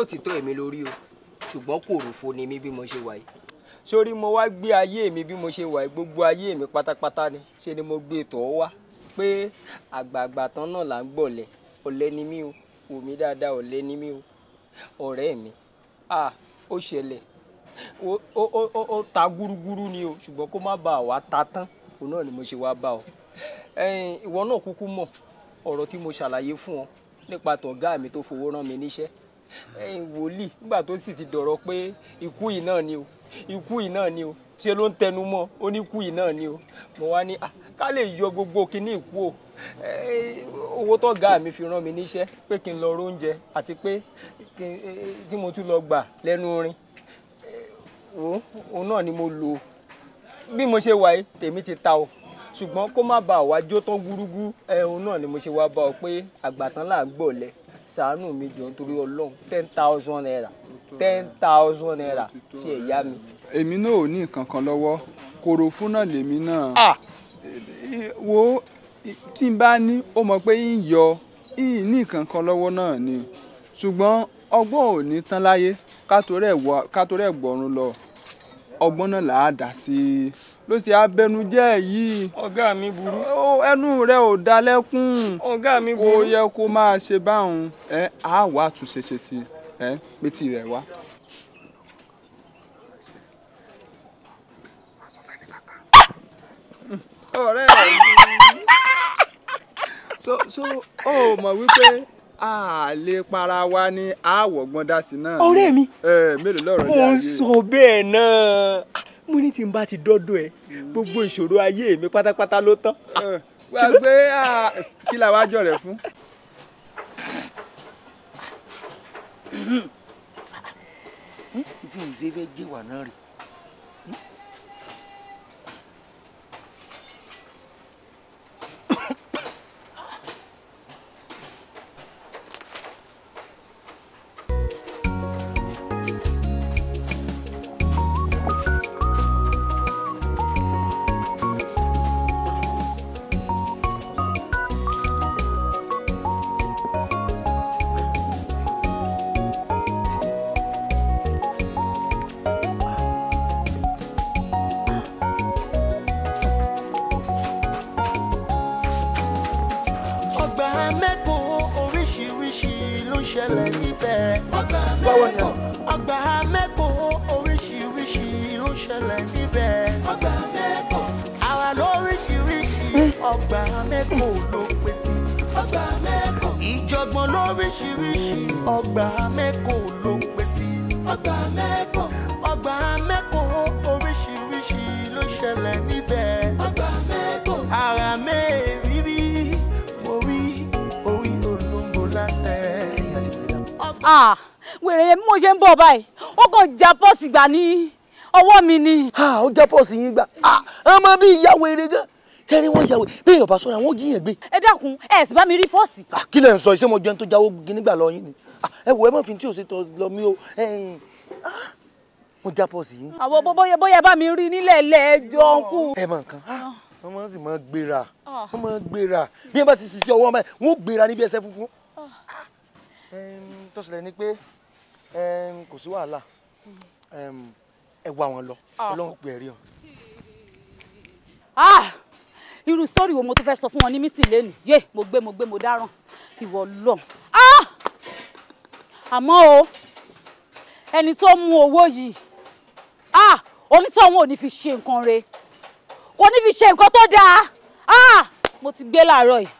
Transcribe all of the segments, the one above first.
lóòtítọ́ èmi lórí o ṣùgbọ́n kòròfo ni mi bí mo ṣe wà yìí sórí mo wá gbé ayé mi bí mo ṣe wà yìí gbogbo ayé mi pátápátá ni ṣe ni mo gbé ètò ọ wá pé àgbààgbà tán náà là ń gbọ̀lẹ̀ ọ̀lẹ ni mí o wò mí dáadáa ọ̀lẹ ni mí o ọ̀rẹ́ mi ah ó ṣẹlẹ̀ ó ta gúrúgúrú ni o ṣùgbọ́n kó má bàa wá ta tán òun náà ni mo ṣe wá bá ọ ìwọ náà kúkú mọ̀ ọ̀rọ̀ tí mo ṣàlàyé fún ọ nípa tọ̀gá mi tó fowó rán mi níṣẹ́ wòlíì nígbà tó sì ti dọ̀rọ̀ pé ikú yìí náà ni o ikú yìí náà ni o ṣe ló ń tẹnu mọ́ ó ní ikú yìí náà ni o mo wá ní ká lè yọ gbogbo kíní ìkú o owó tó ga mi fi rán mi níṣẹ́ pé kí n lọ róúnjẹ àti pé tí mo tún lọ gbà lẹ́nu orin òun náà ni mo lò ó bí mo ṣe wà yìí tèmi ti ta o ṣùgbọ́n kó má bàa wá jó tán gúrúgú ẹ̀hún náà ni mo ṣe wá bá ọ pé àgbàtán là ń gbọ̀lẹ̀ ṣàánú mi jọ nítorí ọlọ́run ten thousand naira ten thousand naira ṣe ẹ̀yá mi. èmi náà ò ní nǹkan kan lọ́wọ́ kòròfú náà lèmi náà wo tí n bá ní ó mọ̀ pé yín yọ yín ní nǹkan lọ́wọ́ náà ni ṣùgbọ́n ọgbọ́n ò ní tán láyé ká tó rẹ̀ gbọ́run lọ ọgbọ́n náà là á dá sí i ló sì abẹnujẹ́ yìí. ọ̀gá mi burú. ẹnu rẹ ò da lẹ́kùn. mi burú. kò yẹ kó máa ṣe báwọn ẹ á wàá tún ṣe sí ẹ pé rẹ wá. ọ̀rẹ́ rẹ so so ó mọ̀ wípé a lè para wa ní àwọ̀gbọ́n dá sí náà. ọ̀rẹ́ mi. ẹ mélòó lọ́rọ̀ jẹ́ àyè. ń sọ bẹ́ẹ̀ náà mo ní tí n bá ti dọ́dọ̀ ẹ gbogbo ìṣòro ayé mi pátápátá ló tán. gbàgbé ah, ah, ah, kí la wá jọ rẹ fún. tí mo ṣe fẹ́ jẹ́wàá náà rèé ṣẹlẹ̀ níbẹ̀. ọgbà mẹ́kọ̀ oríṣiríṣi ló ṣẹlẹ̀ níbẹ̀. àwa lóríṣiríṣi ọgbà mẹ́kọ̀ ló pèsè. ìjọ̀gbọ̀n lóríṣiríṣi ọgbà mẹ́kọ̀ ló pèsè. ọgbà mẹ́kọ̀ oríṣiríṣi ló ṣẹlẹ̀ Ah, wèrè yẹn mo ṣe ń bọ̀ báyìí ó kàn já pọ́ọ̀sì gbà ní ọwọ́ mi ni. Ah, ó já pọ́ọ̀sì yín gbà ọmọ ah, bíi ìyá wèrè gan tẹ́rí wọ́n yàwé bí èèyàn bá sọ́ra wọ́n jíyàn gbé. ẹ dákun ẹ sì bá mi rí pọ́ọ̀sì. kí lẹ̀ ń sọ iṣẹ́ mo jẹun tó jáwó nígbà lọ yín ni ẹ wò ẹ mọ̀ fi tí ò ṣe tọ́ lọ mí o mo já pọ́ọ̀sì yín. àwọ̀ bóyá bóyá bá mi rí nílẹ̀ lẹ́ẹ̀jọ́ kù. ẹ mọ̀ nǹkan wọ́n máa ń sì máa gbéra wọ́n máa ń gbéra bí wọ́n bá ti ṣiṣẹ́ ọwọ́ wọn báyìí wọ́n gbéra níbi ẹsẹ̀ funfun tó ṣẹlẹ̀ ni pé kò sí wàhálà ẹ wá wọn lọ ah. ọlọ́run pè é rí ọ. Ah! irú sítórì wo mo tún fẹ́ sọ fún wọn ní mítì lẹ́nu yé mo gbé mo gbé mo dáràn ìwọ lọ. Ah! àmọ́ o ẹni tó mú owó yìí onítọ̀hún ò ní fi ṣe nǹkan re kò ní fi ṣe nǹkan tó dáa mo ti gbé láàárọ̀ yìí.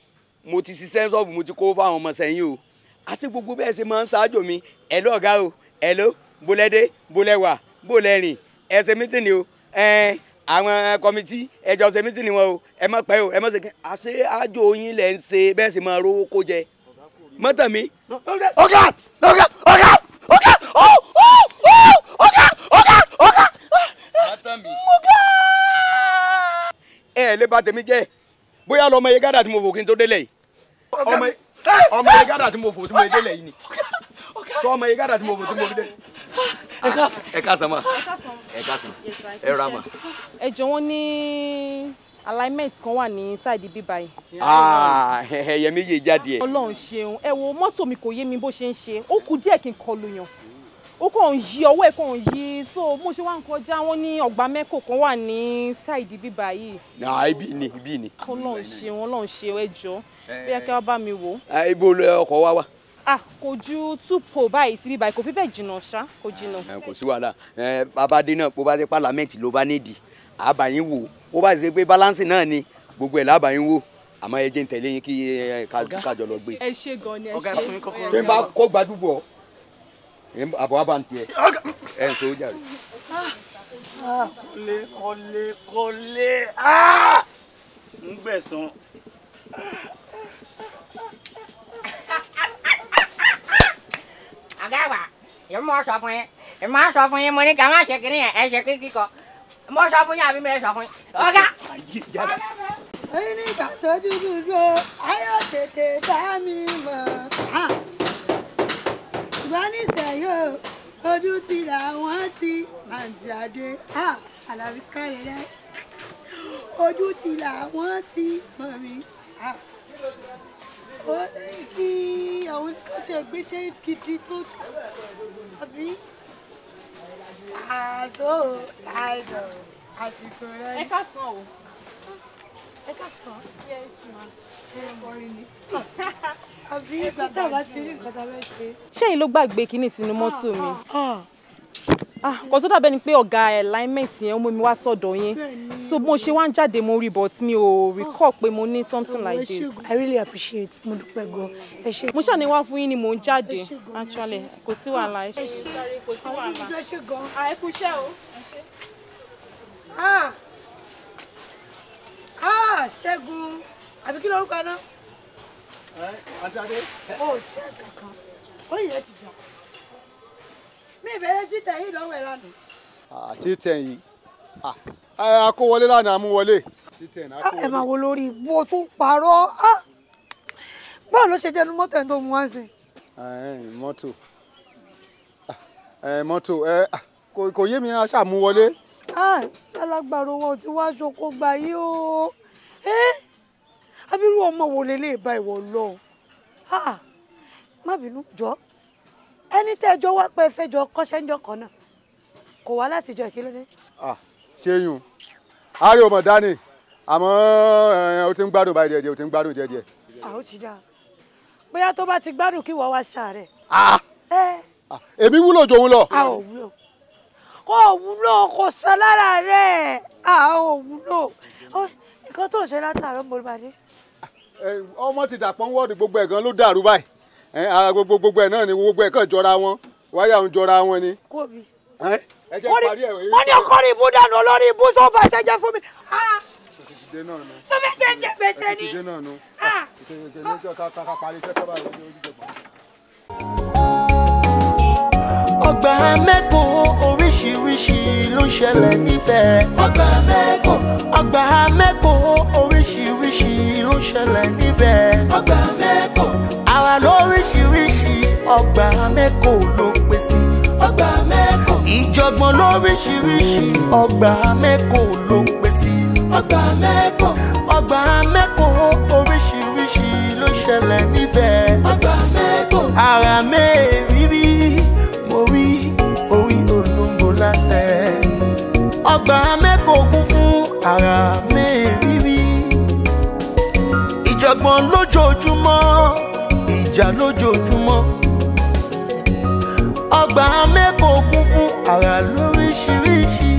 mo ti ṣiṣẹ́ sọ́ọ̀bù mo ti kó fáwọn ọmọ sẹ́yìn o àti gbogbo bẹ́ẹ̀ ṣe máa ń ṣáájò mi ẹ̀ lọ́ọ̀gá o ẹ̀ ló bolẹ́dé bolẹ́wà bolẹ́rìn ẹ̀ ṣe mítìnì o ẹ̀ àwọn kọmitì ẹjọ ṣe mítìnì wọn o ẹ má pẹ́ o ẹ má ṣe kẹ́ àṣẹ àjò yín lẹ̀ ń ṣe bẹ́ẹ̀ sì máa rówó kó jẹ mọ́tà mi. ọ̀gá ọ̀gá ọ̀gá ọ̀gá ọ̀gá ọ̀gá ọ̀gá ọ̀gá. mọ́tà mi. ẹ ẹ lè bà tèmi jẹ́ bóyá lọmọ yẹn gádà tí mo fò kí n tó délẹ̀ yìí ọmọ yẹn gádà tí mo fò tí mo délẹ̀ yìí ni tó ọmọ yẹn gádà tí mo fò tí mo délẹ̀. ẹ ká sàn ma ẹ ká sàn ẹ ra ma. ẹ jọ wọn ní alignment kan wà ní ṣáìdì bíbá yìí. Ah, ẹyẹ méje jáde ẹ. Ọlọ́run ṣeun ẹ wo mọ́tò mi kò yé mi bó ṣe ń ṣe ó kù díẹ̀ kí n kọlu yàn ó kàn ń yí ọwọ́ ẹ̀ kàn ń yí so mo ṣe wá ń kọjá wọn ní ọgbà mẹ́kò kan wà ní ṣáìdì bíbá yìí. náà ibi ni ibi ni. ọlọ́run ṣeun ọlọ́run ṣeun ẹ jọ bí akẹ́wà bá mi wò. Eh, ibo ọkọ̀ wa wà ah kò ju two po báyìí síbí báyìí kò fi bẹ́ẹ̀ jìnnà ṣá kò jìnnà. Eh, kò sí wàhálà eh, babadé náà bó bá ti pálámẹ́ǹtì ló bá nídìí àbáyín wò ó bá ṣe pé báláǹsì náà ni gbogbo ẹ̀ lábàáyín wò àmọ́ ẹ jẹ́ ń tẹ̀lé yín kí kájọ lọ gbé. ẹ ṣe gan ni ẹ ṣe. ọ̀gá fún mi kọ́kọ́rọ́. pé n bá kó gbàdúgbò àbọ̀ àbá ń tiẹ̀ ẹ̀ ń sọ́jà rẹ̀. kọ́lé kọ́lé kọ́lé ń gbẹ̀san. àgá wa èmi mọ̀ sọ fún yín èmi máa sọ fún yín mo ní ká má ṣe kiri yẹn ẹ ṣe kíkí kọ mo sọ fún yín àbí mi ẹ sọ fún yín ọ̀gá. ẹni bàtọ́ dúdú dúró ayọ̀ tètè bá mi mọ̀ ṣùgbọ́n nísẹ̀yìn o ojú ti rà wọ́n ti àǹtí àdé àlàbí kárẹ̀ rẹ̀ ojú ti rà wọ́n ti mọ̀ mí. ó lẹ́yìn kí àwọn tó ti ẹgbẹ́ṣẹ́ gidi tó tàbí àṣọ àìdọ̀ àsìkò rẹ̀. ẹ ká sàn o ẹ ká sàn. yẹ ẹ sì máa ń kọrin ni. àbí títà bá ti rí nǹkan tá ṣe. ṣẹ́yìn ló gbàgbé kinní sínú mọ́tò mi ah, ah, ah. kò tó dàbẹ́ pé ọ̀gá alignment yẹn ó mú mi wá sọ̀dọ̀ yín so mo ṣe wá ń jáde mo rí but mi ò recall pé mo ní something like this. I really appreciate mo dúpẹ́ gan ẹ ṣe. mo ṣàní wá fún yín ni mò ń jáde actually kò sí wàhálà ẹ ṣe. kò sí wàhálà ẹ ṣe gan. àyè kú iṣẹ́ o. ṣẹ́gun àbí kí lorúkọ náà. Aṣáde. O ṣe kankan, ó yẹ ti jà. Mi ìbẹ̀rẹ̀ títẹ̀ yìí lọ́wọ́ ẹ̀ lánàá. Títẹ̀ yìí, a kó wọlé lánàá mú wọlé. Títẹ̀ náà kó ah, wọlé. Ẹ máa wo lórí ibo tó ń parọ́. Ah! Báwo ló ṣe jẹ́nu mọ́tò ẹ̀ tó mú wá sí? Mọ́tò ah, mọ́tò kò yé mi aṣáà mú wọlé. Ṣálágbàrò wọn ò ti wá ṣokó gbà yí o. Eh? abirú ọmọ wo lè lè ba ìwọ lọ má bínú jọ ẹni tẹ́ ẹjọ́ wá pé fẹ́jọ́ kọ́ṣẹ́ ń jọ kan náà kò wá láti jọ ìkílódé. ṣéyún ari ọmọ dání àmọ́ o ti ń gbádùn báyìí díẹ̀díẹ̀ o ti ń gbádùn díẹ̀díẹ̀. àwọn ti dáa bóyá tó bá ti gbádùn kí wọ́n wá ṣàárẹ̀. èmi wúlò jòun lọ. a ò wúlò kò wúlò kò sọ lára rẹ̀ a ò wúlò nǹkan tó ń ṣe látàárọ̀ mo bá dé. Eh, ọmọ ti dàpọ̀ ń wọ́ọ̀dù gbogbo ẹ̀ gan ló dàrú báyìí eh, gbogbo gbogbo ẹ̀ náà ni gbogbo ẹ̀ kàn jọra wọn wáyà ń jọra wọn ni. kóbi eh? wọ́n ní ọkọ rìbú dànù olórí ibú sọ bá ṣe jẹ fún mi. Ah! sọfẹ́ jẹ́ jẹ́ gbèsè ah! ah! ni. ọgbà mẹ́kọ̀ọ́ oríṣiríṣi ló ń ṣẹlẹ̀ níbẹ̀. ọgbà mẹ́kọ̀ọ́. ọgbà mẹ́kọ̀ọ́ oríṣiríṣi lóríṣiríṣi ló ṣẹlẹ̀ níbẹ̀. ọgbà mẹ́kọ̀. àwa lóríṣiríṣi ọgbà mẹ́kọ̀ ló pè sí. ọgbà mẹ́kọ̀. ìjọ̀gbọ̀n lóríṣiríṣi ọgbà mẹ́kọ̀ ló pè sí. ọgbà mẹ́kọ̀. ọgbà mẹ́kọ̀ oríṣiríṣi ló ṣẹlẹ̀ níbẹ̀. ọgbà mẹ́kọ̀. ara mẹ́rìírí mo rí orí olóńgbò látẹ̀. ọgbà mẹ́kọ̀. ìjà lójoojúmọ́ ọgbà mẹ́kọ̀ọ́ kún fún àrà lóríṣiríṣi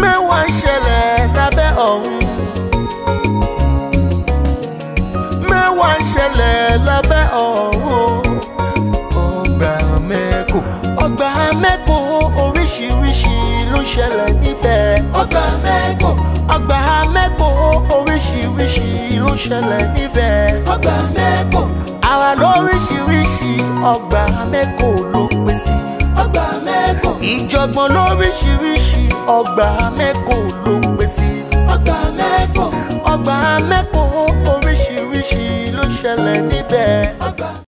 mẹ́wàá ń ṣẹlẹ̀ lábẹ́ ọ̀run mẹ́wàá ń ṣẹlẹ̀ lábẹ́ ọ̀run ọgbà mẹ́kọ̀ọ́ ọgbà mẹ́kọ̀ọ́ oríṣiríṣi ló ṣẹlẹ̀ níbẹ̀ ọgbà mẹ́kọ̀ọ́. ṣẹlẹ̀ níbẹ̀. ọgbà mẹ́kọ̀. àwa lóríṣiríṣi ọgbà mẹ́kọ̀ ló pè sí. ọgbà mẹ́kọ̀. ìjọ̀gbọ̀n lóríṣiríṣi ọgbà mẹ́kọ̀ ló pè sí. ọgbà mẹ́kọ̀. ọgbà mẹ́kọ̀ oríṣiríṣi ló ṣẹlẹ̀ níbẹ̀. ọgbà